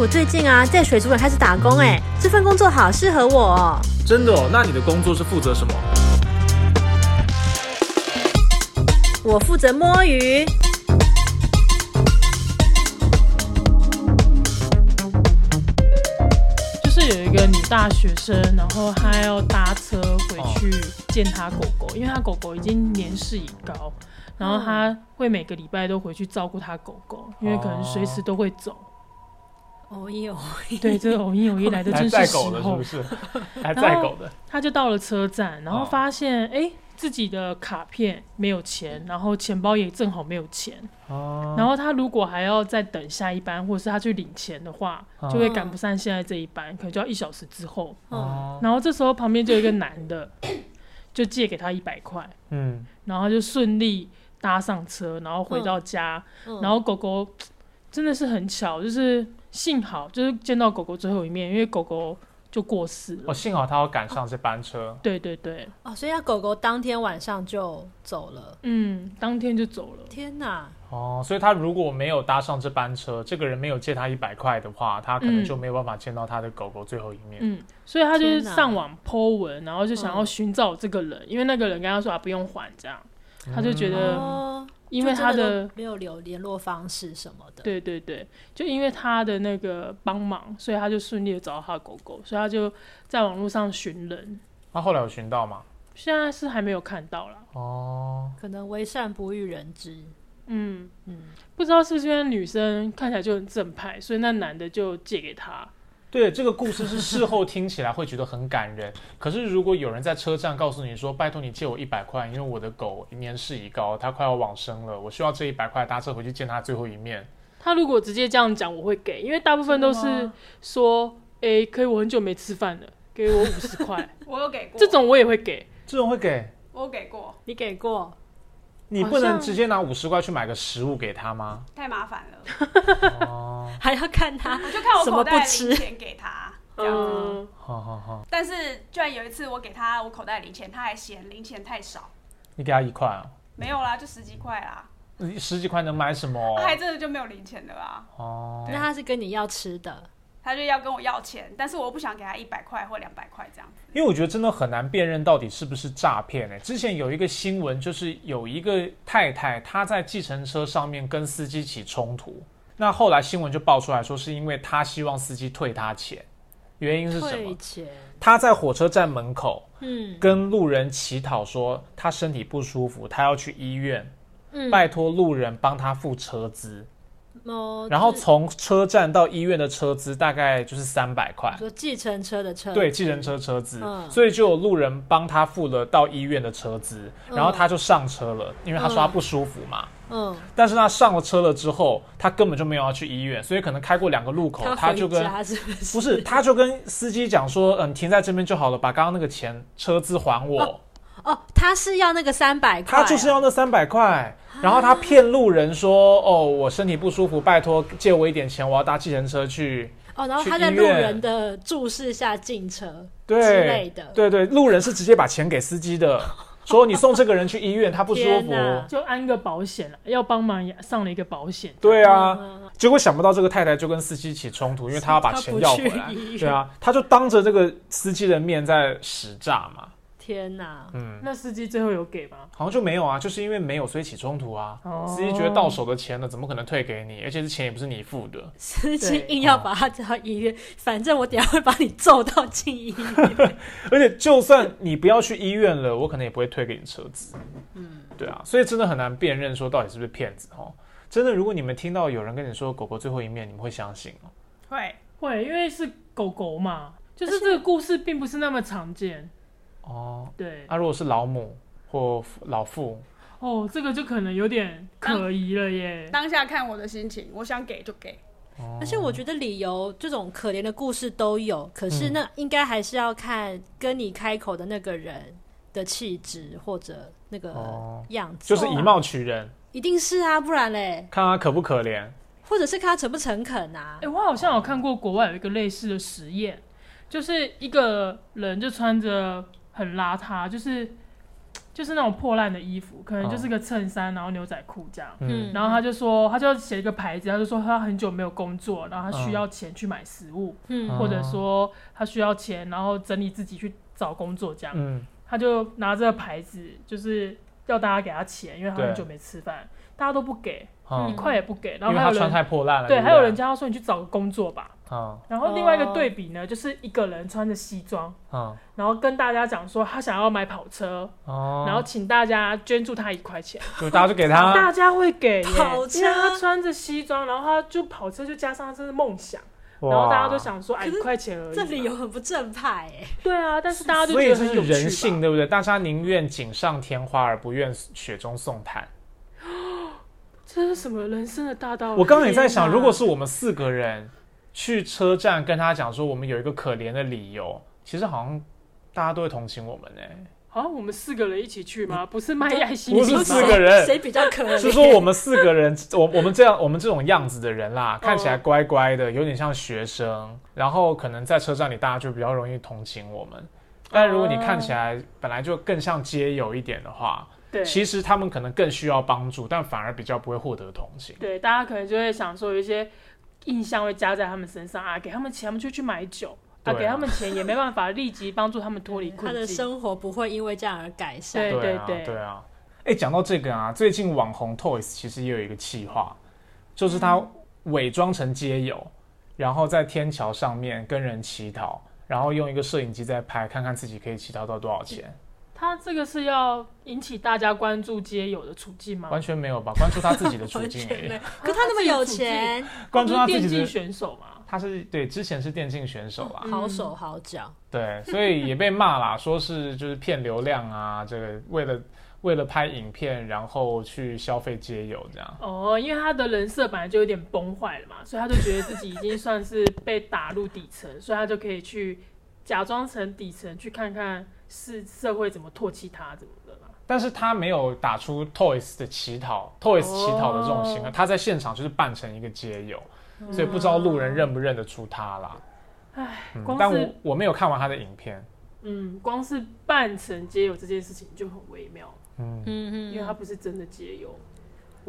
我最近啊，在水族館開始打工哎、欸，這份工作好適合我，哦。真的哦，那你的工作是負責什麼？我負責摸魚。就是有一個女大學生，然後她要搭車回去見她狗狗，哦，因為她狗狗已經年事已高，然後她會每個禮拜都回去照顧她狗狗，因為可能隨時都會走。哦偶遇，對，這個偶遇偶遇來的真是時候，是不是？ 還帶狗的，他就到了車站，然後發現哎、oh. 欸，自己的卡片沒有錢，然後錢包也正好沒有錢、oh. 然後他如果還要再等下一班，或者是他去領錢的話，oh. 就會趕不上現在這一班，oh. 可能就要一小時之後、oh. 然後這時候旁邊就有一個男的，oh. 就借給他一百塊，嗯、oh.，然後就順利搭上車，然後回到家，oh. 然後狗狗真的是很巧，就是。幸好就是見到狗狗最後一面，因為狗狗就過世了。哦，幸好他要趕上這班車，哦。對對對，哦，所以他狗狗當天晚上就走了。嗯，當天就走了。天哪！哦，所以他如果沒有搭上這班車，這個人沒有借他一百塊的話，他可能就沒有辦法見到他的狗狗最後一面。嗯，嗯所以他就是上網 Po 文，然後就想要尋找這個人、嗯，因為那個人跟他說啊，不用還這樣，他就覺得。嗯哦因為他的，的沒有留聯絡方式什麼的，對對對，就因為他的那個幫忙，所以他就順利的找到他的狗狗，所以他就在網絡上尋人。他、啊、後來有尋到嗎？現在是還沒有看到了哦，可能為善不欲人知，嗯嗯，不知道是不是因為女生看起來就很正派，所以那男的就借給她。對，這個故事是事後聽起來會覺得很感人， 可是如果有人在車站告訴你說：“拜託你借我一百塊，因為我的狗年事已高，它快要往生了，我需要這一百塊搭車回去見它最後一面。”他如果直接這樣講，我會給，因為大部分都是說：“哎、欸，可以，我很久沒吃飯了，給我五十塊。”我有給過這種，我也會給這種。會給？我有給過，你給過。你不能直接拿五十塊去買個食物給他嗎？太麻煩了， 還要看他，我 就看我口袋零錢給他，這樣子。好好好。 但是居然有一次我給他我口袋零錢，他還嫌零錢太少。你給他一塊啊、嗯？沒有啦，就十幾塊啦。你十幾塊能買什麼？ 他還真的就沒有零錢的啦。哦，那他是跟你要吃的。他就要跟我要錢，但是我不想給他一百塊或兩百塊這樣子，因為我覺得真的很難辨認到底是不是詐騙，欸。之前有一個新聞，就是有一個太太她在計程車上面跟司機起衝突，那後來新聞就爆出來說是因為他希望司機退他錢，原因是什麼？退錢。他在火車站門口，嗯，跟路人乞討說他身體不舒服，他要去醫院，拜托路人幫他付車資。Oh, 然後從車站到醫院的車資大概就是三百塊，說計程車的車，對，嗯、計程車車資、嗯，所以就有路人幫他付了到醫院的車資，嗯、然後他就上車了，因為他說他不舒服嘛、嗯嗯，但是他上了車了之後，他根本就沒有要去醫院，所以可能開過兩個路口，他，是不是他就跟不是他就跟司機講說，嗯，停在這邊就好了，把剛剛那個錢車資還我哦，哦，他是要那個三百塊、啊，他就是要那三百塊。然後他騙路人說：“哦，我身體不舒服，拜托借我一點錢，我要搭計程車車去。”哦，然後他在路人的注視下進車，對，之類的。對對，路人是直接把錢給司機的，說你送這個人去醫院，他不舒服，就安個保險，要幫忙上了一個保險。對啊、嗯嗯嗯，結果想不到這個太太就跟司機起衝突，因為他要把錢要回來。對啊，他就當着這個司機的面在使詐嘛。天吶，嗯，那司機最後有給嗎？好像就沒有啊，就是因為沒有，所以起衝突啊。Oh. 司機覺得到手的錢呢，怎麼可能退給你？而且這錢也不是你付的。司機硬要把他叫到醫院，反正我等下會把你揍到進醫院。 而且就算你不要去醫院了，我可能也不會退給你車子。嗯、對啊，所以真的很難辨認說到底是不是騙子、喔、真的，如果你們聽到有人跟你說狗狗最後一面，你們會相信嗎、喔？會會，因為是狗狗嘛，就是這個故事並不是那麼常見。哦，對，那、啊、如果是老母或老父、嗯，哦，這個就可能有點可疑了耶。當，當下看我的心情，我想給就給，哦、而且我覺得理由這種可憐的故事都有，可是那應該還是要看跟你開口的那個人的氣質或者那個樣子，嗯哦、就是以貌取人、哦，一定是啊，不然嘞，看他可不可憐，或者是看他誠不誠懇啊。哎、欸，我好像有看過國外有一個類似的實驗、哦，就是一個人就穿着。很邋遢，就是就是那種破爛的衣服，可能就是個襯衫，然後牛仔褲這樣，嗯。然後他就說，他就寫一個牌子，他就說他很久沒有工作，然後他需要錢去買食物，嗯，或者說他需要錢，然後整理自己去找工作這樣，嗯。他就拿這個牌子，就是要大家給他錢，因為他很久沒吃飯，大家都不給。嗯、一塊也不給，然後還有人他穿太破爛了對，還有人家說你去找個工作吧、嗯。然後另外一個對比呢，嗯、就是一個人穿着西裝、嗯，然後跟大家講說他想要買跑車、嗯，然後請大家捐助他一塊錢、嗯、錢，就大家就給他，大家會給耶，跑車因為他穿着西裝，然後他就跑車就加上這是夢想，然後大家都想說哎、啊，一塊錢而已，這裡有很不正派哎、欸，對啊，但是大家就覺得很有人性，對不對？大家寧願錦上添花而不願雪中送炭。這是什麼人生的大道理、啊？我剛剛也在想，如果是我們四個人去車站跟他講說，我們有一個可憐的理由，其實好像大家都會同情我們呢。好、啊、像我們四個人一起去嗎？嗯、不是賣愛心，心，不是四個人，誰比較可憐？是說我們四個人，我我們這樣，我們這種樣子的人啦， 看起來乖乖的，有點像學生，然後可能在車站裡，大家就比較容易同情我們。但如果你看起來本來就更像街友一點的話。對，其實他們可能更需要幫助，但反而比較不會獲得同情。對，大家可能就會想說，有一些印象會加在他們身上啊，給他們錢，他們就去買酒啊，啊，給他們錢也沒辦法立即幫助他們脫離困境、 嗯。他的生活不會因為這樣而改善。對對對啊！哎、啊啊欸，講到這個啊，最近網紅 Toys 其實也有一個計劃，就是他偽裝成街友、嗯，然後在天橋上面跟人乞討，然後用一個攝影機在拍，看看自己可以乞討到多少錢。他這個是要引起大家關注街友的處境嗎？完全沒有吧，關注他自己的處境而已。 完全沒。可他那麼有錢，關注他自己，他是電競選手嘛？他是對，之前是電競選手啊、嗯，好手好腳。對，所以也被罵啦， 說是就是騙流量啊，這個為了為了拍影片，然後去消費街友這樣。哦，因為他的人設本來就有點崩壞了嘛，所以他就覺得自己已經算是被打入底層，所以他就可以去。假裝成底層去看看是社會怎麼唾棄他怎麼的嘛？但是他沒有打出 toys 的乞討，oh.，toys 乞討的這種形象，啊，他在現場就是扮成一個街友，oh. 所以不知道路人認不認得出他啦，oh. 嗯。但我我沒有看完他的影片。嗯，光是扮成街友這件事情就很微妙。嗯嗯嗯，因為他不是真的街友。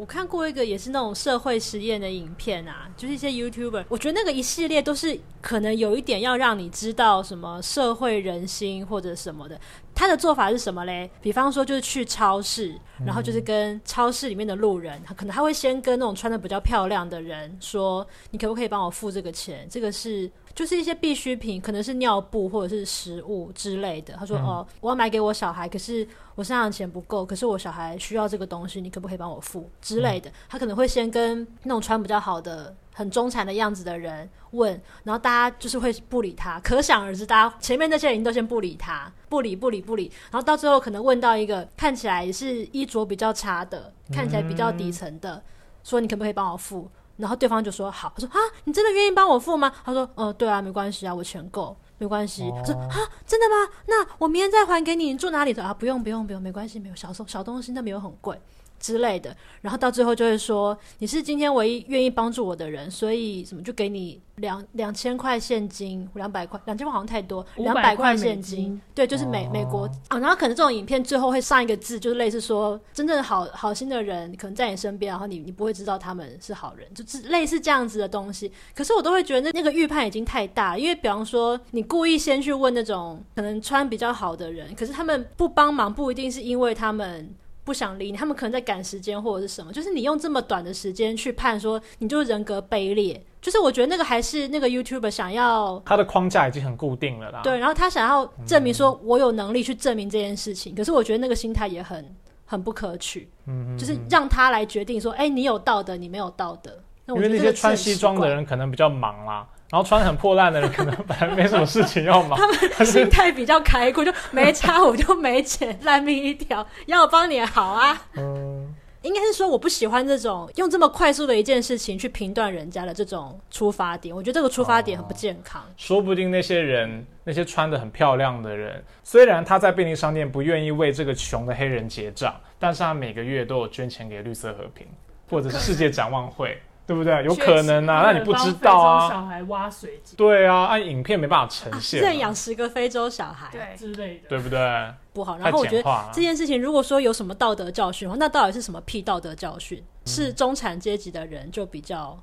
我看過一個也是那種社會實驗的影片啊，就是一些 YouTuber，我覺得那個一系列都是可能有一點要讓你知道什麼社會人心或者什麼的。他的做法是什麼嘞？比方說，就是去超市，然後就是跟超市裡面的路人，嗯、他可能他會先跟那種穿得比較漂亮的人說：“你可不可以幫我付這個錢？這個是就是一些必需品，可能是尿布或者是食物之類的。”他說、嗯：“哦，我要買給我小孩，可是我身上的錢不夠，可是我小孩需要這個東西，你可不可以幫我付之類的？”他可能會先跟那種穿比較好的。很中產的樣子的人問，然後大家就是會不理他，可想而知，大家前面那些人都先不理他，不理不理不理，然後到最後可能問到一個看起來也是衣着比較差的，看起來比較底層的，嗯、說你可不可以幫我付？然後對方就說好，他說啊，你真的願意幫我付嗎？他說哦、呃，對啊，沒關係啊，我錢夠，沒關係。他、哦、說啊，真的嗎？那我明天再還給你。你住哪裡的啊？不用不用不用，沒關係，沒有小東小東西，那沒有很貴。之類的，然後到最後就會說你是今天唯一願意幫助我的人，所以什麼就給你兩兩千塊現金，兩百塊兩千塊好像太多，兩百塊現金，美金，對，就是美、啊、美國啊。然後可能這種影片最後會上一個字，就是類似說真正好好心的人可能在你身邊，然後你你不會知道他們是好人，就是類似這樣子的東西。可是我都會覺得那個預判已經太大了，因為比方說你故意先去問那種可能穿比較好的人，可是他們不幫忙不一定是因為他們。不想理你，他們可能在趕時間或者是什麼，就是你用這麼短的時間去判說你就是人格卑劣，就是我覺得那個還是那個 YouTuber 想要他的框架已經很固定了啦。對，然後他想要證明說我有能力去證明這件事情，嗯、可是我覺得那個心態也很很不可取。嗯，嗯，嗯，就是讓他來決定說，哎，你有道德，你沒有道德，那我覺得因為那些穿西裝的人可能比較忙啦、啊。然後穿很破爛的人可能本來沒什麼事情要忙， 他們心態比較開闊， 就沒差我就沒錢， 爛命一條，要我幫你好啊？嗯，應該是說我不喜歡這種用這麼快速的一件事情去評斷人家的這種出發點，我覺得這個出發點很不健康。哦，說不定那些人，那些穿得很漂亮的人，雖然他在便利商店不願意為這個窮的黑人結賬，但是他每個月都有捐錢給綠色和平或者是世界展望會。對不對？有可能啊。那你不知道啊。小孩挖水對啊，按、啊、影片沒辦法呈現。正、啊、養十個非洲小孩、啊、對之類的，對不對？不好。然後我覺得這件事情，如果說有什麼道德教訓的話，那到底是什麼屁道德教訓？是中產階級的人就比較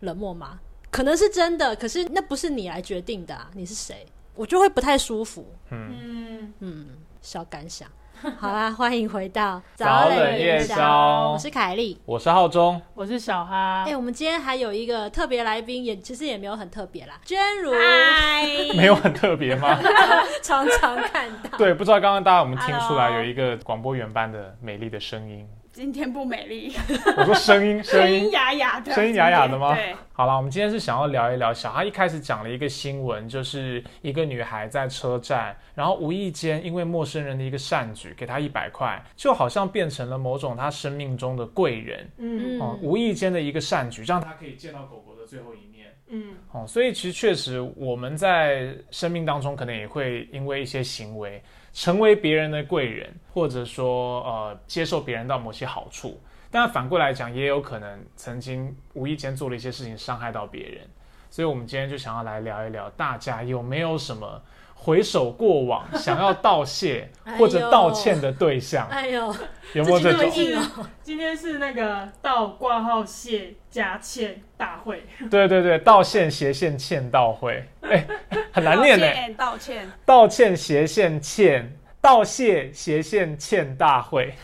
冷漠嗎？嗯、可能是真的，可是那不是你來決定的、啊。你是誰？我就會不太舒服。嗯嗯，小感想。 好啦，歡迎回到早到冷夜宵， 我是凱麗，我是浩中，我是小哈。哎、欸，我們今天還有一個特別來賓，也其實也沒有很特別啦，娟 如，Hi、 沒有很特別嗎？ 常常看到， 對，不知道剛剛大家有沒有聽出來有一個廣播員般的美麗的聲音。 今天不美麗。 我說聲音，聲音啞啞 的，聲音啞啞的嗎？對。好了，我們今天是想要聊一聊小哈一開始講了一個新聞，就是一個女孩在車站，然後無意間因為陌生人的一個善舉，給她一百塊，就好像變成了某種她生命中的貴人。嗯。嗯，無意間的一個善舉，讓她可以見到狗狗的最後一面。嗯。哦、嗯，所以其實確實，我們在生命當中可能也會因為一些行為。成為別人的貴人，或者說，呃，接受別人到某些好處，但反過來講，也有可能曾經無意間做了一些事情傷害到別人，所以我們今天就想要來聊一聊，大家有沒有什麼？回首過往，想要道謝 或者道歉，哎、道歉的對象、哎呦，有沒有這種？今天是 今天是那個道掛號謝加欠大會。 對對對，道歉斜線欠大會，哎，很難念呢。道歉道歉道歉斜線欠道歉斜線欠大會，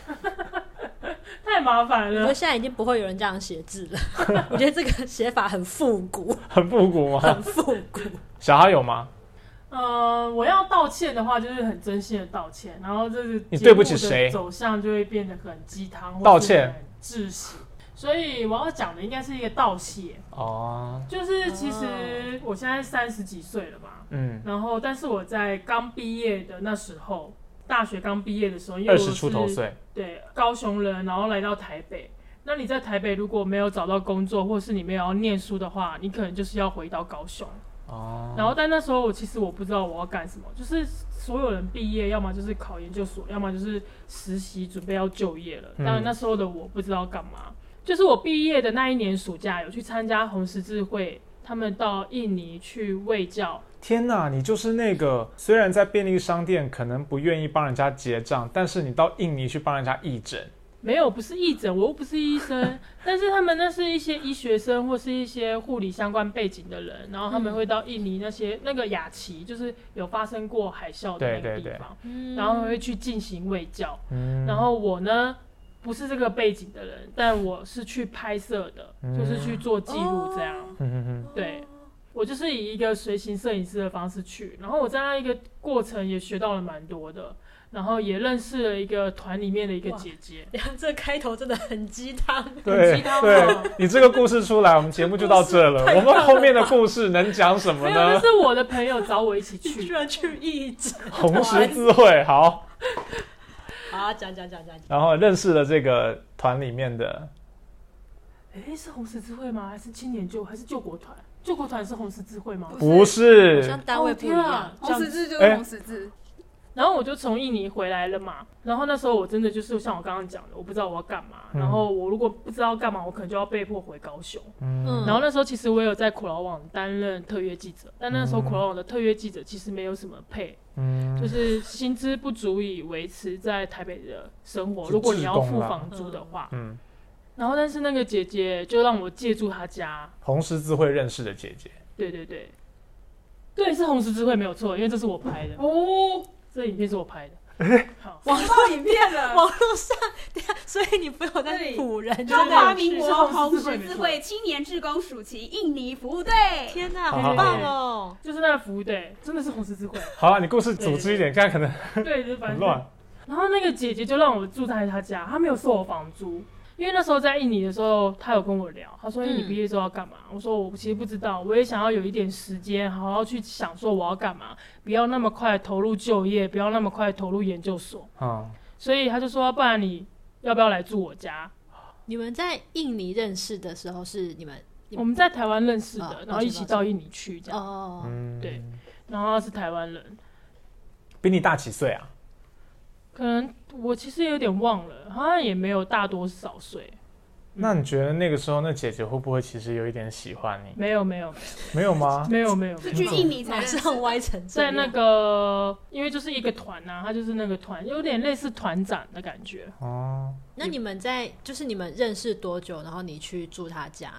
太麻煩了。我覺得現在已經不會有人這樣寫字了。 我覺得這個寫法很複古。很複古嗎？很複古。小孩有嗎？呃，我要道歉的話，就是很真心的道歉，然後就是你對不起誰，節目的走向就會變得很雞湯，道歉窒息，所以我要講的應該是一個道謝哦，就是其實我現在三十幾歲了吧，嗯，然後但是我在剛畢業的那時候，大學剛畢業的時候，因為我是二十出頭歲，對，高雄人，然後來到台北，那你在台北如果沒有找到工作，或是你沒有要念書的話，你可能就是要回到高雄。哦，然後但那時候我其實我不知道我要幹什麼，就是所有人畢業，要麼就是考研究所，要麼就是實習準備要就業了。但那時候的我不知道幹嘛，就是我畢業的那一年暑假有去參加紅十字會，他們到印尼去衛教，嗯。天哪，你就是那個雖然在便利商店可能不願意幫人家結賬，但是你到印尼去幫人家義診。沒有，不是義診，我又不是醫生。 但是他們那是一些醫學生或是一些護理相關背景的人，然後他們會到印尼那些、嗯、那個雅琪，就是有發生過海嘯的那個地方，對對對、然後會去進行衛教、嗯。然後我呢，不是這個背景的人，但我是去拍攝的、嗯，就是去做記錄這樣。哦、 對，我就是以一個隨行攝影師的方式去，然後我在那一個過程也學到了蠻多的。然後也認識了一個團裡面的一個姐姐，這開頭真的很雞湯，很雞湯。對你 這個故事出來，我們節目就到這了。了我們後面的故事能講什麼呢？是我的朋友找我一起去， 你居然去義診。紅十字會， 好， 好、啊，講講講講。然後認識了這個團裡面的，是紅十字會嗎？還是青年救，還是救國團？救國團是紅十字會嗎？不是，不是像單位不了樣、oh, 啊。紅十字就是紅十字。然後我就從印尼回來了嘛，然後那時候我真的就是像我剛剛講的，我不知道我要幹嘛。嗯、然後我如果不知道幹嘛，我可能就要被迫回高雄。嗯，然後那時候其實我也有在苦勞網擔任特約記者、嗯，但那時候苦勞網的特約記者其實沒有什麼配，嗯，就是薪資不足以維持在台北的生活。嗯、如果你要付房租的話，嗯。然後但是那個姐姐就讓我借住她家。紅十字會認識的姐姐。對對對，對，是紅十字會沒有錯，因為這是我拍的哦。這影片是我拍的，網、欸、絡影片了，呵呵網絡上、嗯，所以你不用再唬人。中華民國紅十字會青年志工暑期印尼服務隊，天哪、啊，好棒哦對對對！就是那個服務隊，真的是紅十字會。 好、啊，你故事組織一點，看可能對，就是、反正亂。然後那個姐姐就讓我住在她家，她沒有收我房租。因為那時候在印尼的時候，他有跟我聊，他說：“印尼畢業之後要幹嘛、嗯？”我說：“我其實不知道，我也想要有一點時間，好好去想說我要幹嘛，不要那麼快投入就業，不要那麼快投入研究所。哦”啊，所以他就說：“不然你要不要來住我家？”你們在印尼認識的時候是你們？我們在台灣認識的、哦，然後一起到印尼去這樣。哦，對，然後是台灣人，比你大幾歲啊？我其實有點忘了，好像也沒有大多少歲。那你覺得那個時候，那姐姐會不會其實有一點喜歡你？嗯、沒有，沒有，沒有，沒有嗎？ 沒有，沒有，沒 有。是去印尼才很歪在那個，因為就是一個團啊，他就是那個團，有點類似團長的感覺哦、嗯。那你們在，就是你們認識多久？然後你去住他家？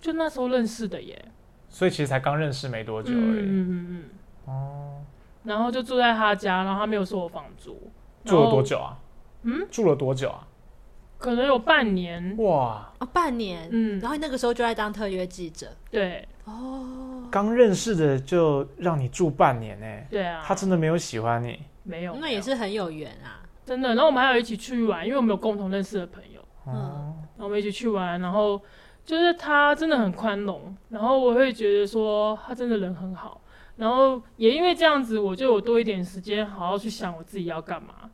就那時候認識的耶，所以其實才剛認識沒多久而、欸、已。嗯嗯嗯。哦、嗯嗯嗯。然後就住在他家，然後他沒有收我房租。住了多久啊、哦？嗯，住了多久啊？可能有半年。哇！哦、啊，半年。嗯，然後那個時候就在當特約記者。對。哦。剛認識的就讓你住半年呢？對啊。他真的沒有喜歡你沒？沒有。那也是很有緣啊，真的。然後我們還有一起去玩，因為我們有共同認識的朋友。嗯。然後我們一起去玩，然後就是他真的很寬容，然後我會覺得說他真的人很好，然後也因為這樣子，我就有多一點時間好好去想我自己要幹嘛。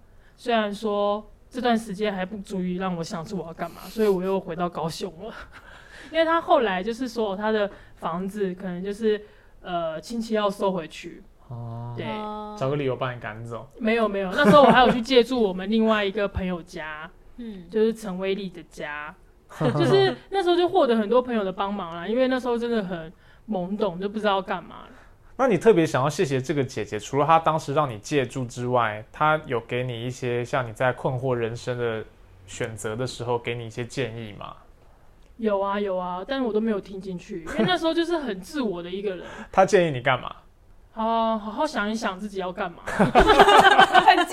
雖然說這段時間還不足以讓我想出我要幹嘛，所以我又回到高雄了。 因為他後來就是說他的房子可能就是呃親戚要收回去哦，對，找個理由把你趕走。沒有沒有，那時候我還有去借住我們另外一個朋友家，嗯， 就是陳威利的家， 就是那時候就獲得很多朋友的幫忙啦，因為那時候真的很懵懂，就不知道要幹嘛。那你特別想要謝謝這個姐姐，除了她當時讓你借住之外，她有給你一些像你在困惑人生的選擇的時候，給你一些建議嗎？有啊有啊，但是我都沒有聽進去，因為那時候就是很自我的一個人。 她建議你幹嘛？哦、啊，好好想一想自己要幹嘛， 很雞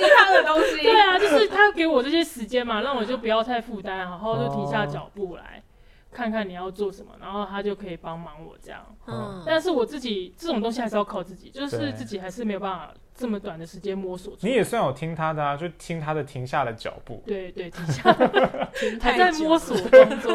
湯的東西。對啊，就是她給我這些時間嘛，讓我就不要太負擔，好好就停下腳步來。哦看看你要做什麼，然後他就可以幫忙我這樣。嗯，但是我自己這種東西還是要靠自己，就是自己還是沒有辦法這麼短的時間摸索出。你也算有聽他的啊，就聽他的停下的腳步。對對，停下， 了。還在摸索。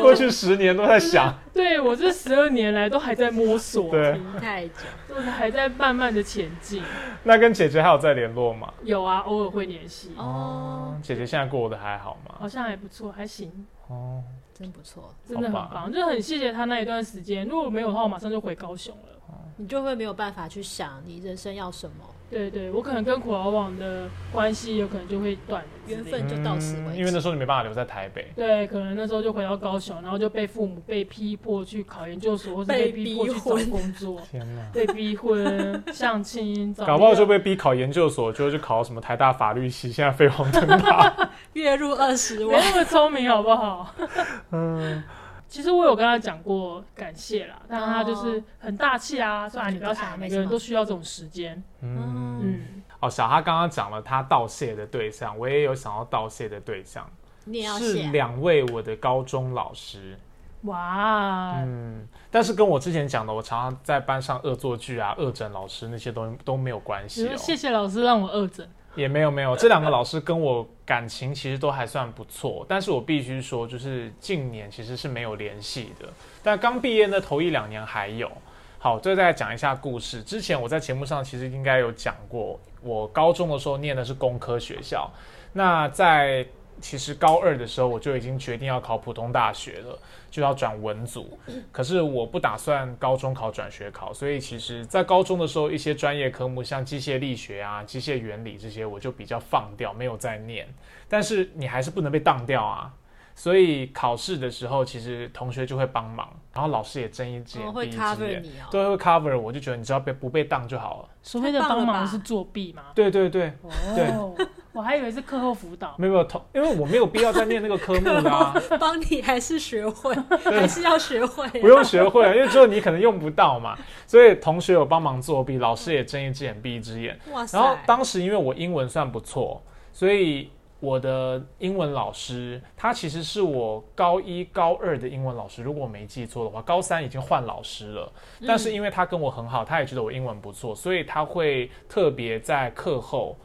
過去十年都在想。 對我這十二年來都還在摸索，停 太久，都是還在慢慢的前進。 那跟姐姐還有在聯絡嗎？有啊，偶爾會聯繫。哦、oh.。姐姐現在過得還好嗎？好像還不錯，還行。哦、oh.。真不錯，真的很棒，就很謝謝他那一段時間。如果沒有的話，我馬上就回高雄了。嗯，你就會沒有辦法去想你人生要什麼。對對，我可能跟苦勞網的關係有可能就會斷，緣分就到此為止。嗯，因為那時候你沒辦法留在台北。對，可能那時候就回到高雄，然後就被父母被逼迫去考研究所，或是被逼迫去找工，工作。天哪，被逼婚、相親，搞不好就被逼考研究所，最後就考什麼台大法律系，現在飛黃騰達， 月入二十萬，我那麼聰明好不好？ 嗯。其實我有跟他講過感謝啦，但他就是很大氣啊，算了，哦、你不要想，哎，每個人都需要這種時間，嗯。嗯，哦，小哈剛剛講了他道謝的對象，我也有想要道謝的對象，你，是兩位我的高中老師。哇，嗯，但是跟我之前講的，我常常在班上惡作劇啊，惡整老師那些都都沒有關係，哦。就是，謝謝老師讓我惡整。也沒有沒有，這兩個老師跟我感情其實都還算不錯，但是我必須說，就是近年其實是沒有聯繫的。但剛畢業的頭一兩年還有。好，最後再講一下故事。之前我在節目上其實應該有講過，我高中的時候唸的是工科學校，那在。其實高二的時候，我就已經決定要考普通大學了，就要轉文組。可是我不打算高中考轉學考，所以其實，在高中的時候，一些專業科目像機械力學啊、機械原理這些，我就比較放掉，沒有再念。但是你還是不能被當掉啊。所以考試的時候，其實同學就會幫忙，然後老師也睜一只眼閉、嗯、一只眼、喔，都會 cover 我。我就覺得，你只要不被當就好了。所謂的幫忙是作弊嗎？對對對，對，oh, 對 我還以為是課後輔導。沒有沒有，因為我沒有必要再念那個科目的、啊。幫 你還是學會， 還是要學會、啊？不用學會、啊，因為之後你可能用不到嘛。所以同學有幫忙作弊，老師也睜一只眼閉、嗯、一只眼。然後當時因為我英文算不錯，所以。我的英文老師，他其實是我高一、高二的英文老師。如果我沒記錯的話，高三已經換老師了。但是因為他跟我很好，他也覺得我英文不錯，所以他會特別在課後，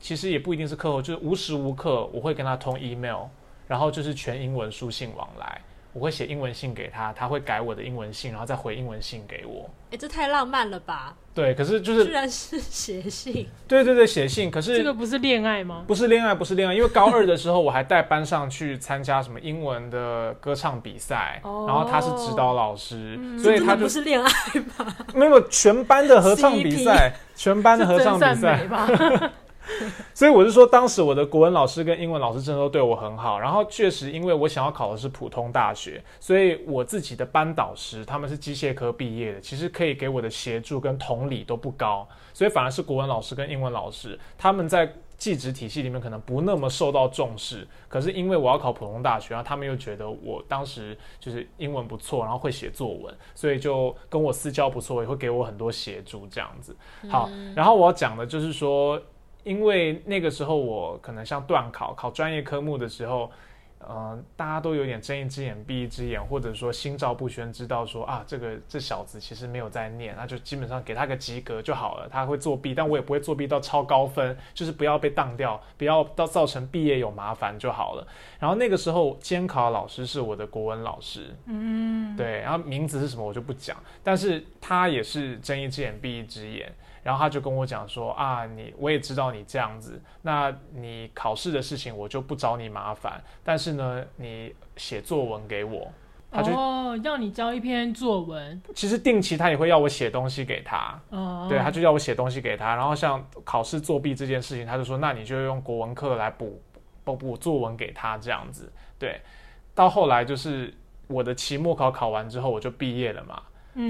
其實也不一定是課後，就是無時無刻我會跟他通 email，然後就是全英文書信往來。我會寫英文信給他，他會改我的英文信，然後再回英文信給我。哎、欸，這太浪漫了吧？對，可是就是居然是寫信。對對對，寫信。可是，是，是這個不是戀愛嗎？不是戀愛，不是戀愛。因為高二的時候，我還帶班上去參加什麼英文的歌唱比賽， 然後他是指導老師，oh, 所以他，就、嗯、所以他就不是戀愛吧？沒有，全班的合唱比賽， 全班的合唱比賽 所以我就說，當時我的國文老師跟英文老師真的都對我很好。然後確實，因為我想要考的是普通大學，所以我自己的班導師他們是機械科畢業的，其實可以給我的協助跟同理都不高。所以反而是國文老師跟英文老師，他們在技職體系裡面可能不那麼受到重視。可是因為我要考普通大學，然後他們又覺得我當時就是英文不錯，然後會寫作文，所以就跟我私交不錯，也會給我很多協助這樣子。好，然後我要講的就是說。因為那個時候我可能像段考考專業科目的時候，嗯、呃，大家都有點睜一隻眼閉一隻眼，或者說心照不宣知道說啊，這個這小子其實沒有在念，那就基本上給他個及格就好了。他會作弊，但我也不會作弊到超高分，就是不要被當掉，不要到造成畢業有麻煩就好了。然後那個時候監考的老師是我的國文老師，嗯，對，然後名字是什麼我就不講，但是他也是睜一隻眼閉一隻眼。然後他就跟我講說啊，你我也知道你這樣子，那你考試的事情我就不找你麻煩，但是呢，你寫作文給我，他就哦，要你交一篇作文。其實定期他也會要我寫東西給他，哦，對，他就要我寫東西給他。然後像考試作弊這件事情，他就說，那你就用國文課來補補補作文給他這樣子。對，到後來就是我的期末考考完之後，我就畢業了嘛。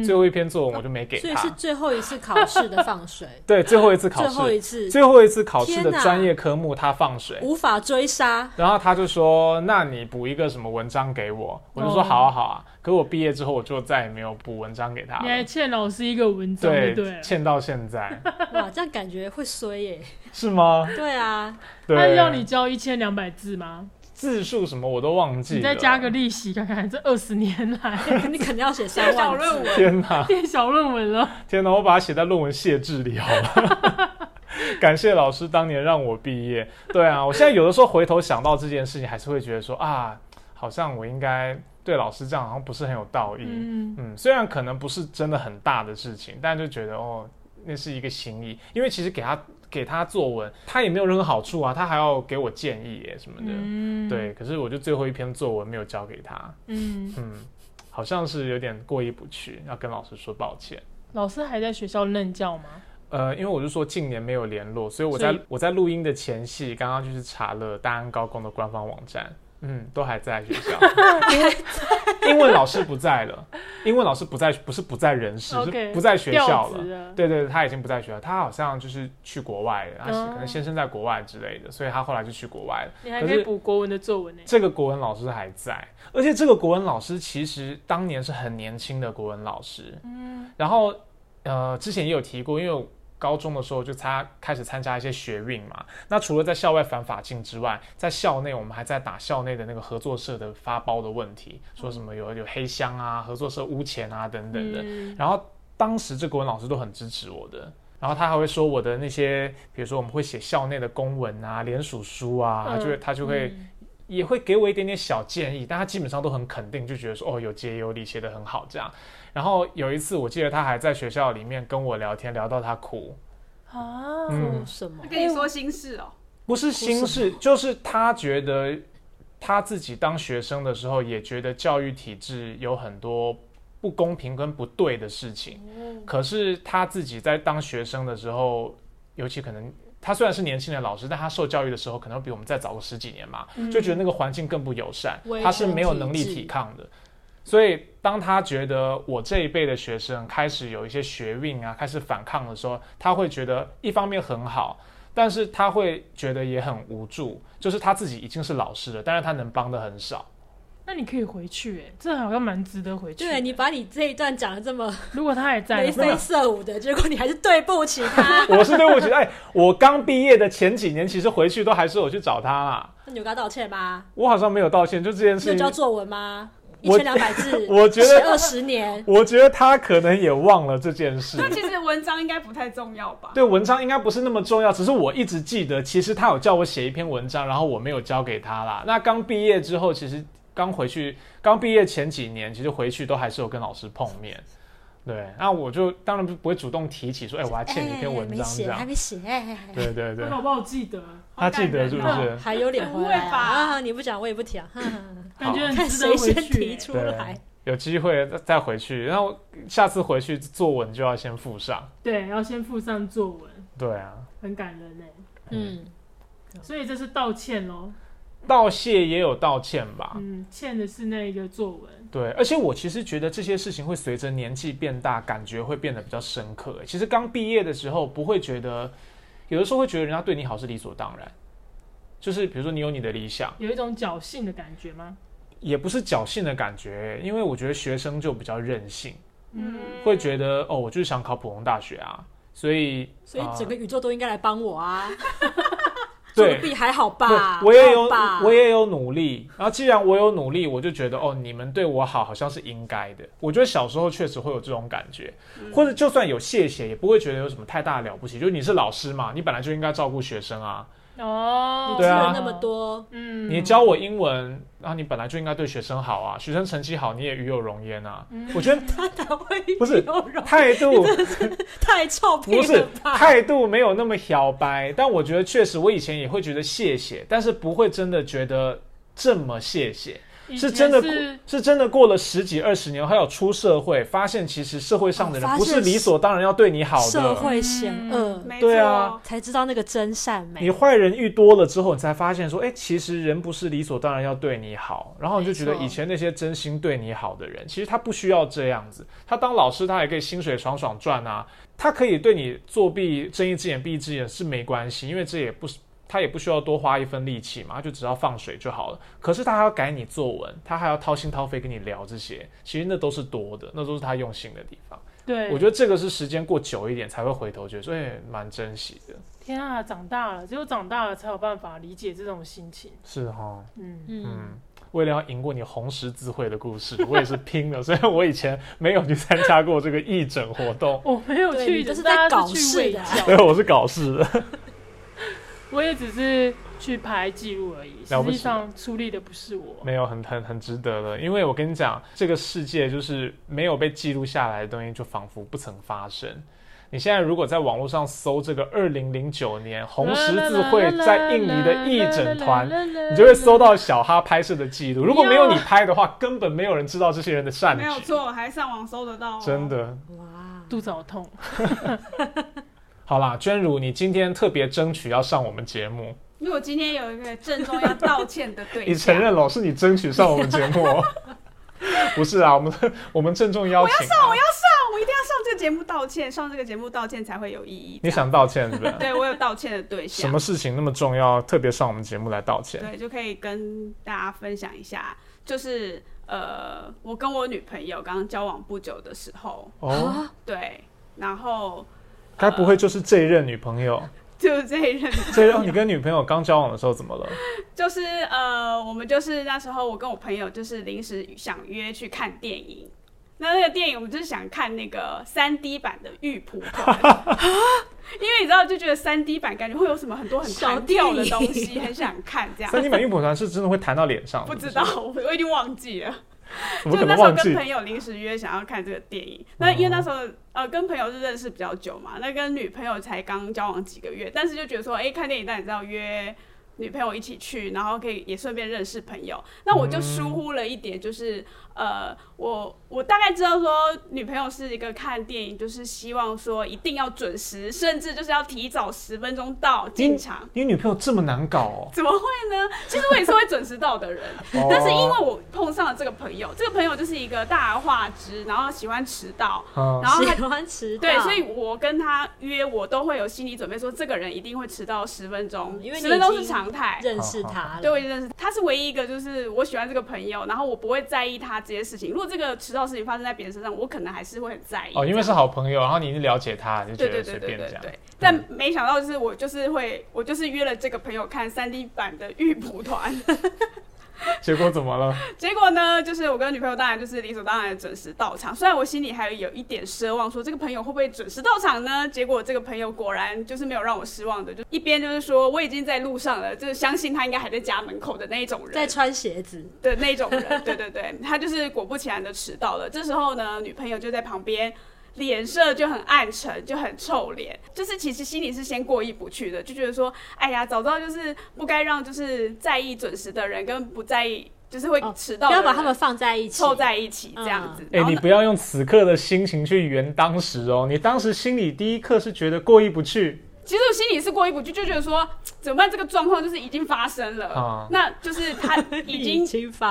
最後一篇作文我就沒給他，嗯啊、所以是最後一次考試的放水。 對，最後一次考試，最後一次，最後一次考試的專業科目他放水，啊、無法追殺。然後他就說：“那你補一個什麼文章給我？”我就說：“好啊，好啊。”可是我畢業之後我就再也沒有補文章給他。你還欠老師一個文章對，對對，欠到現在。 哇，這樣感覺會衰耶、欸？是嗎？ 對啊，他 要、啊、你交一千兩百字嗎？字數什麼我都忘記，你再加個利息看看，這二十年來 你肯定要寫下 小論文，天哪， 小論文了！天哪，我把它寫在論文謝誌裡好了。 感謝老師當年讓我畢業。對啊，我現在有的時候回頭想到這件事情， 還是會覺得說啊，好像我應該對老師這樣，好像不是很有道義。嗯嗯，雖然可能不是真的很大的事情，但就覺得哦，那是一個心意，因為其實給他。給他作文，他也沒有任何好處啊，他還要給我建議耶什麼的，嗯、對。可是我就最後一篇作文沒有交給他嗯，嗯，好像是有點過意不去，要跟老師說抱歉。老師還在學校任教嗎？呃，因為我就說近年沒有聯絡，所以我在以我在錄音的前夕剛剛就是查了大安高工的官方網站。嗯，都還在學校。因 為還在 英文老師不在了，英文老師不在，不是不在人世，okay，是不在學校了。了對，對對，他已經不在學校，他好像就是去國外了，他是可能先生在國外之類的，哦，所以他後來就去國外了。你還可以補國文的作文呢。這個國文老師還在，而且這個國文老師其實當年是很年輕的國文老師。嗯，然後呃，之前也有提過，因為。高中的時候，就參開始參加一些學運嘛。那除了在校外反髮禁之外，在校內我們還在打校內的那個合作社的發包的問題，說什麼有有黑箱啊、合作社污錢啊等等的，嗯。然後當時這國文老師都很支持我的，然後他還會說我的那些，比如說我們會寫校內的公文啊、聯署書啊，就、嗯、是他就會。也會給我一點點小建議，但他基本上都很肯定，就覺得說哦，有節有理，寫得很好這樣。然後有一次，我記得他還在學校裡面跟我聊天，聊到他哭。啊，嗯，什麼？他跟你說心事哦，不是心事，就是他覺得他自己當學生的時候，也覺得教育體制有很多不公平跟不對的事情。嗯，可是他自己在當學生的時候，尤其可能。他雖然是年輕的老師，但他受教育的時候可能比我們再早個十幾年嘛，嗯、就覺得那個環境更不友善，他是沒有能力抵抗的。所以當他覺得我這一輩的學生開始有一些學運啊，開始反抗的時候，他會覺得一方面很好，但是他會覺得也很無助，就是他自己已經是老師了，但是他能幫的很少。那你可以回去哎、欸，這好像蠻值得回去。對，你把你這一段講的這麼，如果他也在眉飛色，色舞的，結果你還是對不起他。 我是對不起他 哎，我剛畢業的前幾年，其實回去都還是有去找他啦。那你跟他道歉吧。我好像沒有道歉，就這件事。你有交作文嗎？一千兩百字。 我覺得二十年， 我覺得他可能也忘了這件事。 那其實文章應該不太重要吧？對，文章應該不是那麼重要，只是我一直記得，其實他有叫我寫一篇文章，然後我沒有交給他啦。那剛畢業之後，其實。剛回去，剛畢業前幾年，其實回去都還是有跟老師碰面。對，那我就當然不會主動提起說，哎、欸欸，我還欠你一篇文章，這樣還沒寫，還沒寫、欸。對對對，還好不老好記得、啊，他記得是不是？還有點回來吧、啊？你不講，我也不講啊。感覺看誰先提出來，有機會再回去，然後下次回去作文就要先附上。對，要先附上作文。對啊，很感人哎、欸嗯。嗯，所以這是道歉哦。道謝也有道歉吧，嗯，欠的是那一個作文。對，而且我其實覺得這些事情會隨着年紀變大，感覺會變得比較深刻。其實剛畢業的時候不會覺得，有的時候會覺得人家對你好是理所當然。就是比如說你有你的理想，有一種僥幸的感覺嗎？也不是僥幸的感覺，因為我覺得學生就比較任性，嗯，會覺得哦，我就是想考普通大學啊，所以所以整個宇宙都應該來幫我啊。 對比還好吧？我也有，我也有努力。然後既然我有努力，我就覺得哦，你們對我好好像是應該的。我覺得小時候確實會有這種感覺。嗯，或者就算有謝謝，也不會覺得有什麼太大了不起。就是你是老師嘛，你本來就應該照顧學生啊。哦、oh，對了那麼多，嗯，你教我英文啊，你本來就應該對學生好啊，學生成績好，你也與有容焉啊、嗯。我覺得他他會，不是態度 太度，不是態度沒有那麼小白，但我覺得確實，我以前也會覺得謝謝，但是不會真的覺得這麼謝謝。是，是真的，是真的過了十幾二十年，還要出社會，發現其實社會上的人不是理所當然要對你好的，啊、社會險惡、嗯、沒錯，對啊，才知道那個真善美。你壞人遇多了之後，你才發現說，哎、欸，其實人不是理所當然要對你好。然後你就覺得以前那些真心對你好的人，其實他不需要這樣子。他當老師，他也可以薪水爽爽賺啊，他可以對你作弊，睜一隻眼閉一隻眼是沒關係，因為這也不是。他也不需要多花一分力氣嘛，他就只要放水就好了。可是他還要改你作文，他還要掏心掏肺跟你聊這些，其實那都是多的，那都是他用心的地方。對，我覺得這個是時間過久一點才會回頭覺得，所以、嗯、蠻珍惜的。天啊，長大了，只有長大了才有辦法理解這種心情。是哈，嗯嗯。為了要贏過你紅十字會的故事，我也是拼了。 所以我以前沒有去參加過這個義診活動，我沒有去，就是大家搞事的。對，我是搞事的。 我也只是去拍記錄而已，實際上出力的不是我。沒有，很很很值得的，因為我跟你講，這個世界就是沒有被記錄下來的東西，就仿佛不曾發生。你現在如果在網絡上搜這個二零零九年紅十字會在印尼的義診團，你就會搜到小哈拍攝的記錄。如果沒有你拍的話，根本沒有人知道這些人的善良。沒有錯，還上網搜得到嗎，真的。哇，肚子好痛。 好啦，娟茹，你今天特別爭取要上我們節目，因為我今天有一個鄭重要道歉的對象。 你承認了，是你爭取上我們節目？喔？ 不是啊，我們我們鄭重邀請、啊。我要上，我要上，我一定要上這個節目道歉，上這個節目道歉才會有意義。你想道歉是不是？ 對，我有道歉的對象。什麼事情那麼重要，特別上我們節目來道歉？對，就可以跟大家分享一下，就是呃，我跟我女朋友剛剛交往不久的時候，哦，對，然後。該不會就是這一任女朋友？呃、就是這一任。 這一任你跟女朋友剛交往的時候怎麼了？就是呃，我們就是那時候我跟我朋友就是臨時想約去看電影，那那個電影我們就是想看那個 3D 版的玉《玉蒲團》，因為你知道就覺得 3D 版感覺會有什麼很多很多掉的東西，很想看這樣。3 D 版《玉蒲團》是真的會彈到臉上是不是？ 不知道，我已經忘記了。 就那時候跟朋友臨時約，想要看這個電影。那因為那時候、嗯、呃跟朋友就認識比較久嘛，那跟女朋友才剛交往幾個月，但是就覺得說，哎、欸，看電影當然要約女朋友一起去，然後可以也順便認識朋友。那我就疏忽了一點，就是。嗯呃，我我大概知道說女朋友是一個看電影，就是希望說一定要準時，甚至就是要提早十分鐘到。進場你女朋友這麼難搞哦？怎麼會呢？其實我也是會準時到的人， oh. 但是因為我碰上了這個朋友，這個朋友就是一個大畫質，然後喜歡遲到，oh. 然後喜歡遲到，對，所以我跟他約我都會有心理準備，說這個人一定會遲到十分鐘，因為十分鐘都是常態。認識他，對，我認識他是唯一一個，就是我喜歡這個朋友，然後我不會在意他。這些事情，如果這個遲到事情發生在別人身上，我可能還是會很在意。哦，因為是好朋友，然後你是了解他，就覺得隨便這樣。對對對對對對對、嗯。但沒想到，就是我就是會，我就是約了這個朋友看三 D 版的《玉蒲團》。結果怎麼了？結果呢？就是我跟女朋友當然就是理所當然的準時到場。雖然我心裡還有有一點奢望，說這個朋友會不會準時到場呢？結果這個朋友果然就是沒有讓我失望的，就一邊就是說我已經在路上了，就是相信他應該還在家門口的那種人，在穿鞋子的那種人。對對對，他就是果不其然的遲到了。這時候呢，女朋友就在旁邊。臉色就很暗沉，就很臭臉，就是其實心裡是先過意不去的，就覺得說，哎呀，早知道就是不該讓就是在意準時的人跟不在意就是會遲到、哦，不要把他們放在一起，湊在一起、嗯、這樣子。哎、欸，你不要用此刻的心情去圓當時哦，你當時心裡第一刻是覺得過意不去。其實我心裡是過意不去，就覺得說怎麼辦？這個狀況就是已經發生了，嗯、那就是他已經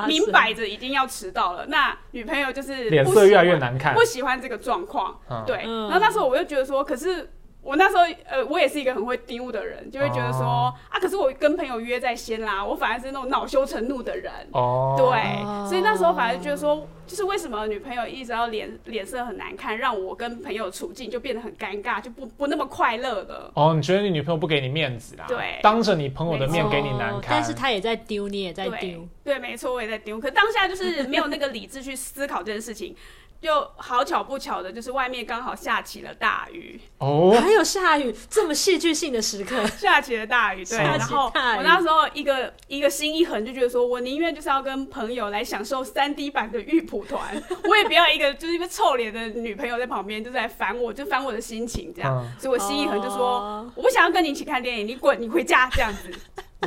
明擺着已經要遲到了。那女朋友就是臉色越來越難看，不喜歡這個狀況、嗯。對，然後那時候我就覺得說，可是。我那時候，呃，我也是一個很會丟的人，就會覺得說、oh. 啊，可是我跟朋友約在先啦，我反而是那種惱羞成怒的人。哦、oh.，對，所以那時候反而覺得說，就是為什麼女朋友一直要臉臉色很難看，讓我跟朋友處境就變得很尷尬，就不不那麼快樂了。哦、oh,，你覺得你女朋友不給你面子啦？對，當着你朋友的面給你難堪，但是她也在丟，你也在丟。對，沒錯，我也在丟。可當下就是沒有那個理智去思考這件事情。 就好巧不巧的，就是外面剛好下起了大雨哦，oh. 還有下雨這麼戲劇性的時刻，下起了大雨。對，對然後我那時候一個一個心一橫，就覺得說我寧願就是要跟朋友來享受三 D 版的玉蒲團， 我也不要一個就是一個臭臉的女朋友在旁邊，就在煩我，就煩我的心情這樣。嗯、所以我心一橫就說，oh. 我不想要跟你一起看電影，你滾，你回家這樣子。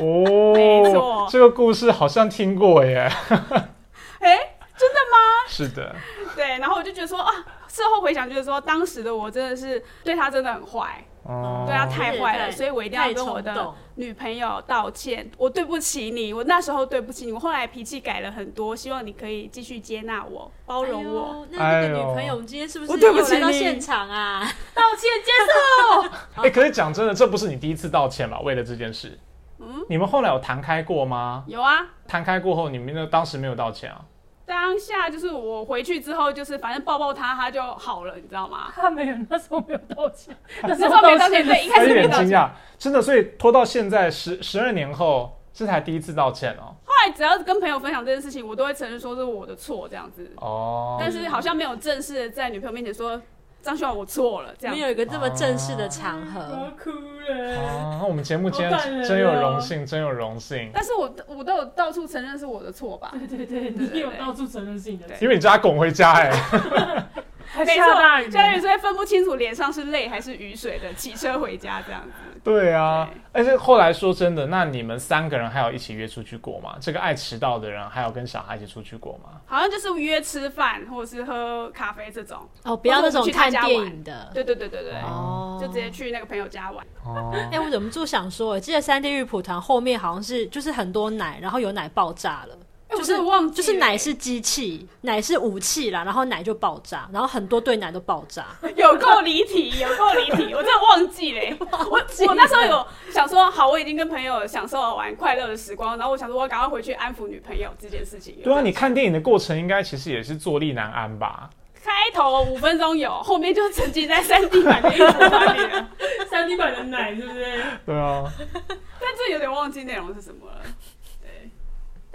哦、oh, 沒錯，這個故事好像聽過耶。 欸真的嗎？是的。 對，然後我就覺得說啊，事後回想，就是說當時的我真的是對他真的很壞，嗯，對他，太壞了，所以我一定要跟我的女朋友道歉，我對不起你，我那時候對不起你。我後來脾氣改了很多，希望你可以繼續接納我，包容我。哎、那你的女朋友，我們今天是不是有來到現場啊？ 道歉接受。哎、欸，可是講真的，這不是你第一次道歉吧？為了這件事，嗯，你們後來有談開過嗎？有啊。談開過後，你們那當時沒有道歉啊？當下就是我回去之後，就是反正抱抱他，他就好了，你知道嗎？他沒有，那時候沒有道歉。那時候沒道歉，對， 一開始沒道歉。真的，所以拖到現在十十二年後，這才第一次道歉哦。後來只要跟朋友分享這件事情，我都會承認說是我的錯，這樣子。哦、oh。但是好像沒有正式的在女朋友面前說。張學友，我錯了，你有一個這麼正式的場合，好酷耶。那、嗯啊、我們節目今天真有榮幸，啊，真有榮幸。但是我我都有到處承認是我的錯吧？對對對，對，對，對你你有到處承認是你的錯，因為你叫他滾回家哎。 還下大雨，下雨，所以分不清楚臉上是淚還是雨水的，騎車回家這樣子。 對啊對，而且後來說真的，那你們三個人還有一起約出去過嗎？這個愛遲到的人還有跟小孩一起出去過嗎？好像就是約吃飯或者是喝咖啡這種哦，不要那種去看電影的。對對對對對，哦，就直接去那個朋友家玩。哎、哦 欸，我忍不住想說，我記得三《三地玉蒲團》後面好像是就是很多奶，然後有奶爆炸了。就是、就是忘，就是奶是機器，奶是武器啦，然後奶就爆炸，然後很多對奶都爆炸。 有夠離題，有夠離題 我真的忘記嘞。我記得我，我那時候有想說，好，我已經跟朋友享受完快樂的時光，然後我想說，我趕快回去安撫女朋友這件事情有有。對啊，你看電影的過程，應該其實也是坐立難安吧？開頭五分鐘有，後面就沉浸在三 D 版的裡了。三 D 版的奶是不是？對啊， 但這有點忘記內容是什麼了。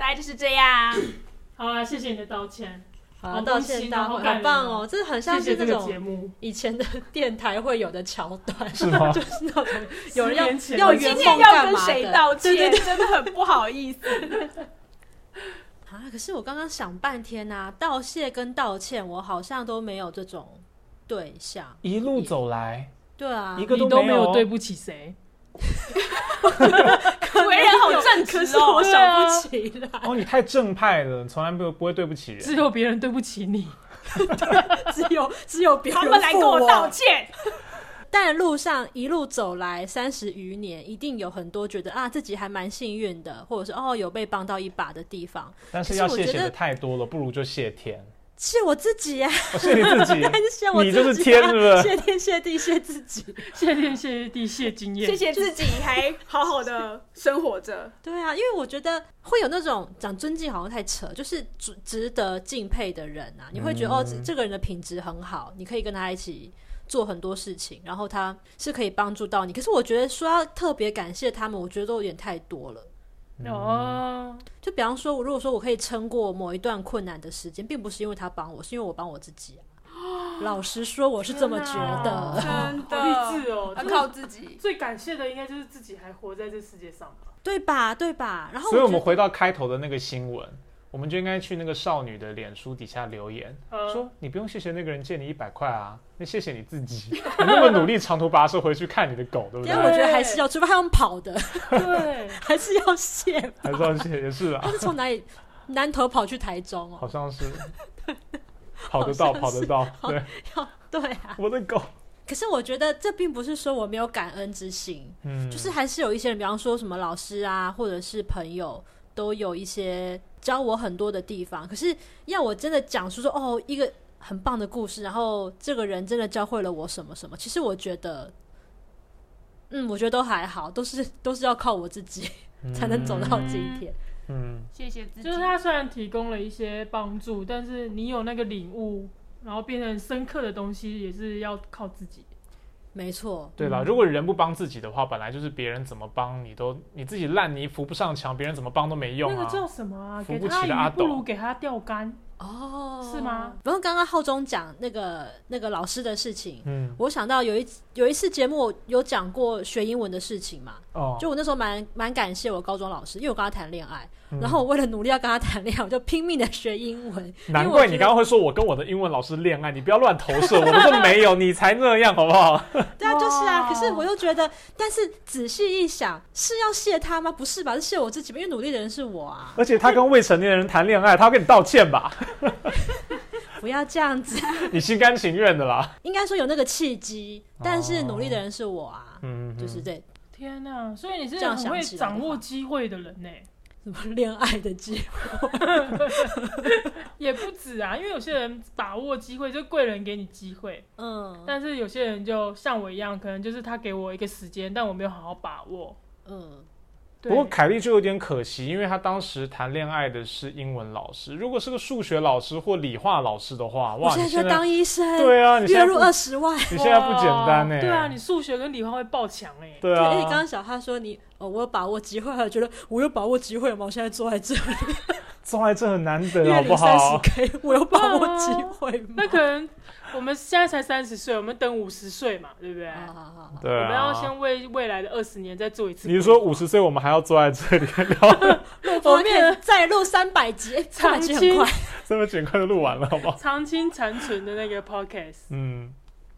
大概就是這樣。好、啊，謝謝你的道歉。好、啊，道歉，好，道歉好棒哦！這很像是那種節目以前的電台會有的橋段，是吧？ 就是那種有人要 要今天要跟誰道歉。對對對，真的很不好意思。 啊，可是我剛剛想半天啊，道謝跟道歉，我好像都沒有這種對象。一路走來，對啊，一個都沒有，都沒有對不起誰。為人好正，可是我想不起來、 啊。哦，你太正派了，從來不不會對不起人，只有別人對不起你， 只有只有別人來跟我道歉。 但路上一路走來三十餘年，一定有很多覺得啊，自己還蠻幸運的，或者是哦，有被幫到一把的地方。但是要謝謝的太多了，不如就謝天。謝我自己呀、啊哦，謝你自己，還是謝我自己啊？謝天謝地，謝自己，謝天謝地， 謝經驗，謝謝自己，還好好的生活着。 對啊，因為我覺得會有那種講尊敬好像太扯，就是值值得敬佩的人啊，你會覺得哦，這這個人的品質很好，你可以跟他一起做很多事情，然後他是可以幫助到你。可是我覺得說要特別感謝他們，我覺得都有點太多了。哦、啊，就比方說，我如果說我可以撐過某一段困難的時間，並不是因為他幫我，是因為我幫我自己、啊、老實說，我是這麼覺得，真的勵 志哦，要靠自己。 最感謝的應該就是自己還活在這世界上吧？ 對吧？對吧？然後，所以我們回到開頭的那個新聞。我們就應該去那個少女的臉書底下留言，嗯，說，你不用謝謝那個人借你一百塊啊，那謝謝你自己， 你那麼努力長途跋涉回去看你的狗，對不對？因為我覺得還是要，除非他們跑的，對，還是要謝，還是要謝，也是啊。他是從哪裡南投跑去台中哦？好像是，跑好像是，跑得到，跑得到，對，要對啊。我的狗。可是我覺得這並不是說我沒有感恩之心，嗯，就是還是有一些人，比方說什麼老師啊，或者是朋友，都有一些。教我很多的地方，可是要我真的講述說哦，一個很棒的故事，然後這個人真的教會了我什麼什麼。其實我覺得，嗯，我覺得都還好，都是都是要靠我自己才能走到今天。嗯，謝謝自己。就是他雖然提供了一些幫助，但是你有那個領悟，然後變成深刻的東西，也是要靠自己。沒錯，對吧、嗯？如果人不幫自己的話，本來就是別人怎麼幫你都，你自己爛泥扶不上牆，別人怎麼幫都沒用啊。那個叫什麼？扶不起的阿斗，不如給他釣竿。哦、oh，是嗎？然後剛剛浩中講那個那個老師的事情，嗯，我想到有一有一次節目我有講過學英文的事情嘛，哦，就我那時候蠻蠻感謝我高中老師，因為我跟他談戀愛，嗯，然後我為了努力要跟他談戀愛，我就拼命的學英文。難怪你剛剛會說我跟我的英文老師戀愛，你不要亂投射， 我們沒有，你才那樣，好不好？ 對啊，就是啊，可是我又覺得，但是仔細一想，是要謝他嗎？不是吧？是謝我自己，因為努力的人是我啊。而且他跟未成年人談戀愛， 他會跟你道歉吧？ 不要這樣子，啊，你心甘情願的啦。 應該說有那個契機，哦，但是努力的人是我啊。嗯、哦，就是對，天啊。所以你是很會掌握機會的人呢？什麼戀愛的機會？ 也不止啊，因為有些人把握機會，就貴人給你機會，嗯。但是有些人就像我一樣，可能就是他給我一個時間，但我沒有好好把握，嗯。不過凱莉就有點可惜，因為她當時談戀愛的是英文老師。如果是個數學老師或理化老師的話，哇！現在就當醫生，對啊，月入二十萬，你現在不簡單哎。對啊，你數學跟理化會爆強哎。對啊，哎，剛剛小哈說你，哦，我有把握機會，覺得我有把握機會了嗎？我現在坐在這裡。坐在這很難得，30K，好不好？三十 K，我有把握機會，啊。那可能我們現在才三十歲，我們等五十歲嘛，對不對？好好好。對。我們要先為未來的二十年再做一次。你是說五十歲我們還要坐在這裡？然後後面再錄三百集，這麼快？這麼簡快的錄完了，好不好？長青 長存的那個 podcast。嗯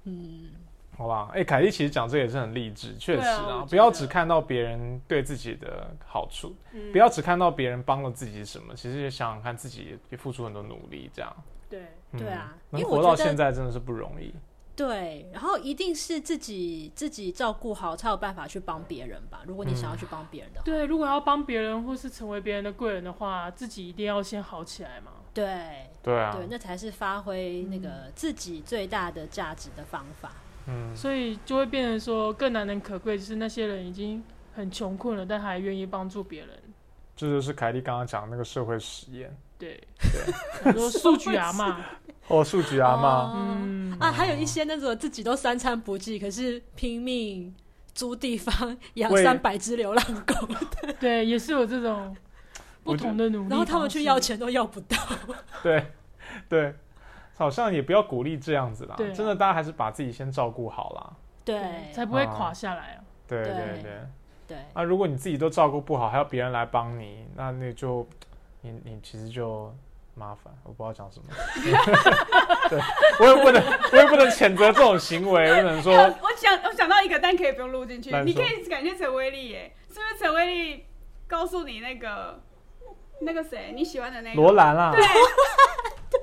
嗯。好吧，哎、欸，凱麗其實講這個也是很勵志，確、啊、實啊，不要只看到別人對自己的好處，嗯、不要只看到別人幫了自己什麼，其實也想想看自己也付出很多努力這樣。對、嗯、對啊，因為活到現在真的是不容易。對，然後一定是自己自己照顧好，才有辦法去幫別人吧。如果你想要去幫別人的話、嗯，對，如果要幫別人或是成為別人的貴人的話，自己一定要先好起來嘛。對對啊，對，那才是發揮那個自己最大的價值的方法。嗯，所以就會變成說更難能可貴，就是那些人已經很窮困了，但還願意幫助別人。這就，就是凱蒂剛剛講那個社會實驗。對對，很多樹菊阿嬤，哦樹菊阿嬤、哦哦，嗯，啊，嗯啊，還有一些那種自己都三餐不繼、嗯啊啊，可是拼命租地方養三百隻流浪狗。 對，也是有這種不同的努力，然後他們去要錢都要不到。對 對。對好像也不要鼓勵這樣子啦，真的，大家還是把自己先照顧好啦，對，才不會垮下來啊、嗯。對對對對。那、啊、如果你自己都照顧不好，還要別人來幫你，那那就你你其實就麻煩。我不知道講什麼， 對，我也 我也不能，我也不能譴責這種行為，不能說。 我想我想到一個，但可以不用錄進去，你可以感謝陳威力耶，是不是陳威力告訴你那個那個誰你喜歡的那個羅蘭啊。對。 欸欸哦對，欸、對，那個啊！真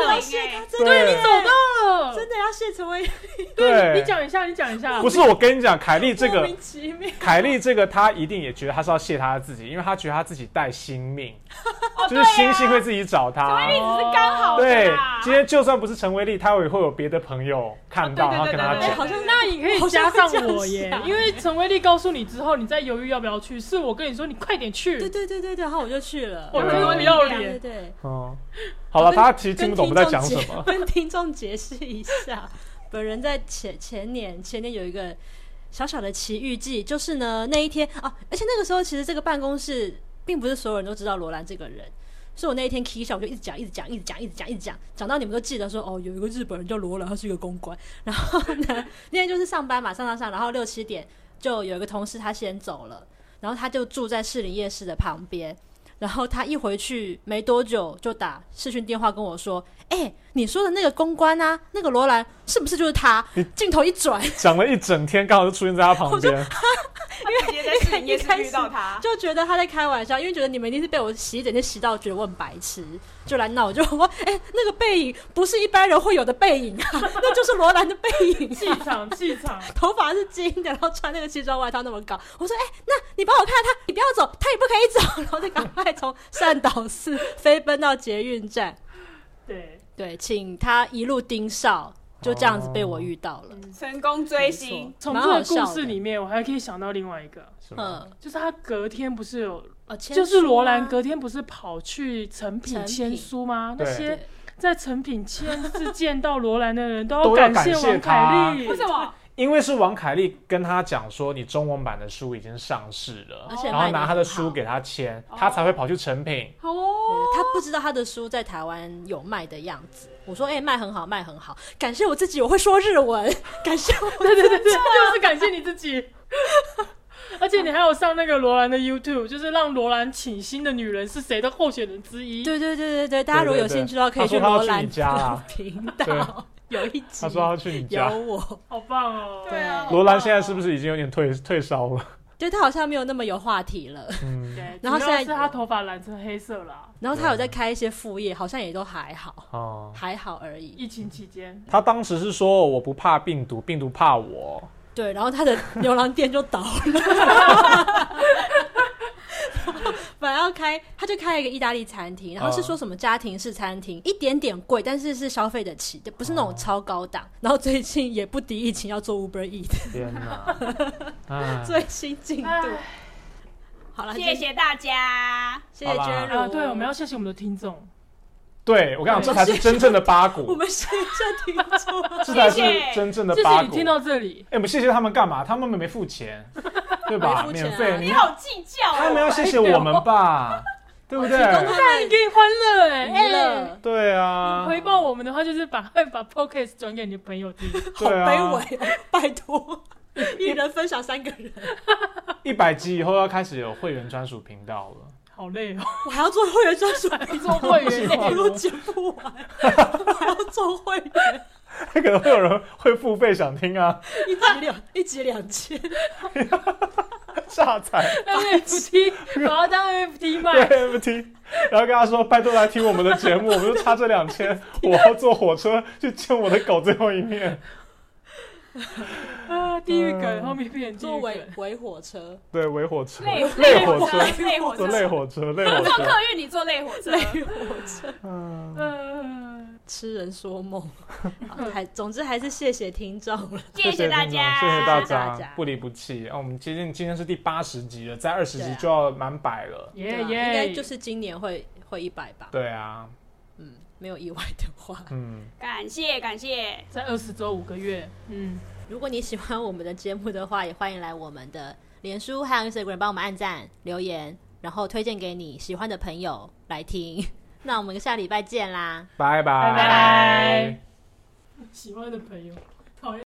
的要謝，真你走真的要謝陳威。對，你講一下，你講一下。不是我跟你講，凱麗這個，凱麗這個，她一定也覺得她是要謝她自己，因為她覺得她自己帶星命， 就是星星會自己找她。陳、哦、威是剛好的、啊。對，今天就算不是陳威麗，他也會有別的朋友看到、哦、對對對對，然後跟他講、欸。好像那你可以加上我耶，因為陳威麗告訴你之後，你在猶豫要不要去，是我跟你說，你快點去。對對對對對，然後我就去了。我跟你說你要臉。對對對，對。哦好了，大家其實聽不懂我們在講什,什麼。跟聽眾解釋一下， 本人在前前年前年有一個小小的奇遇記，就是呢那一天啊，而且那個時候其實這個辦公室並不是所有人都知道羅蘭這個人，所以我那一天起笑我就一直講一直講一直講一直講一直講，講到你們都記得說哦，有一個日本人叫羅蘭，他是一個公關。然後呢， 那天就是上班嘛，上上上，然後六七點就有一個同事他先走了，然後他就住在士林夜市的旁邊。然後他一回去沒多久，就打視訊電話跟我說：“哎、欸，你說的那個公關啊，那個羅蘭是不是就是他？”鏡頭一轉，講了一整天，剛 好就出現在他旁邊。因為因為看到他，就覺得他在開玩笑，因為覺得你們一定是被我洗一整天洗到覺得我很白痴。就來鬧，我就我說，哎、欸，那個背影，不是一般人會有的背影啊，那就是羅蘭的背影，啊，氣 場氣場，頭髮是金的，然後穿那個西裝外套那麼高，我說，哎、欸，那你幫我看看他，你不要走，他也不可以走，然後就趕快從善導寺飛奔到捷運站，對對，請他一路盯梢。就這樣子被我遇到了，成功追星。從這個故事裡面，我還可以想到另外一個，嗯，就是他隔天不是有，哦、就是羅蘭隔天不是跑去誠品簽書嗎？那些在誠品簽字見到羅蘭的人都要感謝王凱麗， 為什麼？因為是王凱麗跟他講說，你中文版的書已經上市了，而且然後拿他的書給他簽。哦、他才會跑去成品，他不知道他的書在台灣有賣的樣子。我說，哎，賣很好，賣很好，感謝我自己，我會說日文， 感謝我。對對對對，就是感謝你自己。 而且你還有上那個羅蘭的 YouTube，就是讓羅蘭傾心的女人是誰的候選人之一。對對對對對，大家如果有興趣的話，可以去羅蘭的、啊、 頻道。對有一集，他說他去你家，有我，好棒哦！對啊，羅蘭現在是不是已經有點退退燒了？對，他好像沒有那麼有話題了。嗯，對。然後現在是他頭髮染成黑色了，然後他有在開一些副業，好像也都還好哦，還好而已。疫情期間，他當時是說我不怕病毒，病毒怕我。對，然後他的牛郎店就倒了。 本來要開，他就開了一個意大利餐廳，然後是說什麼家庭式餐廳，一點點貴，但是是消費得起的，不是那種超高檔。然後最近也不敵疫情，要做 Uber Eat。天哪！ 哎、最新進度。哎、好啦，謝謝大家，謝謝娟茹。對，我們要謝謝我們的聽眾。對，我跟你講，這才是真正的八股。我們誰在聽錯？這才是真正的八股。謝謝。欸、你聽到這裡。哎、欸，我們謝謝他們幹嘛？他們沒付錢， 對吧？啊、免費。你好計較、哦、他們要謝謝我們吧？對不對？貢獻給歡樂，歡樂。對啊。回報我們的話，就是把會把 podcast 轉給你的朋友聽。對啊。好卑微，拜託，一人分享三個人。一 百集以後要開始有會員專屬頻道了。好累哦！ 我還要做會員專屬，做會員都剪不完。還要做會員、欸， 會員欸、 可能會有人會付費想聽啊， 一集兩一集兩千，嚇慘，F T，我要當 F T 賣。對 F T，然後跟他說：“拜託來聽我們的節目， 我們就差這兩千，我要坐火車 去見我的狗最後一面。”啊！地獄梗、嗯，後面變做維維火車，對，維火車，累累，累火車，累火車，累火車，坐客運你坐累火車，累火車，嗯，痴人說夢， 還總之還是謝謝聽眾了，謝謝大家，謝謝大家，不離不棄。啊、哦，我們接近今天是第八十集了，在二十集就要滿百了，耶耶、啊，yeah, yeah. 應該就是今年會會一百吧？對啊。沒有意外的話，嗯，感謝感謝，在二十周五個月，嗯，如果你喜歡我們的節目的話，也歡迎來我們的臉書還有 Instagram 幫我們按讚、留言，然後推薦給你喜歡的朋友來聽。 那我們下禮拜見啦，拜拜，拜拜，喜歡的朋友。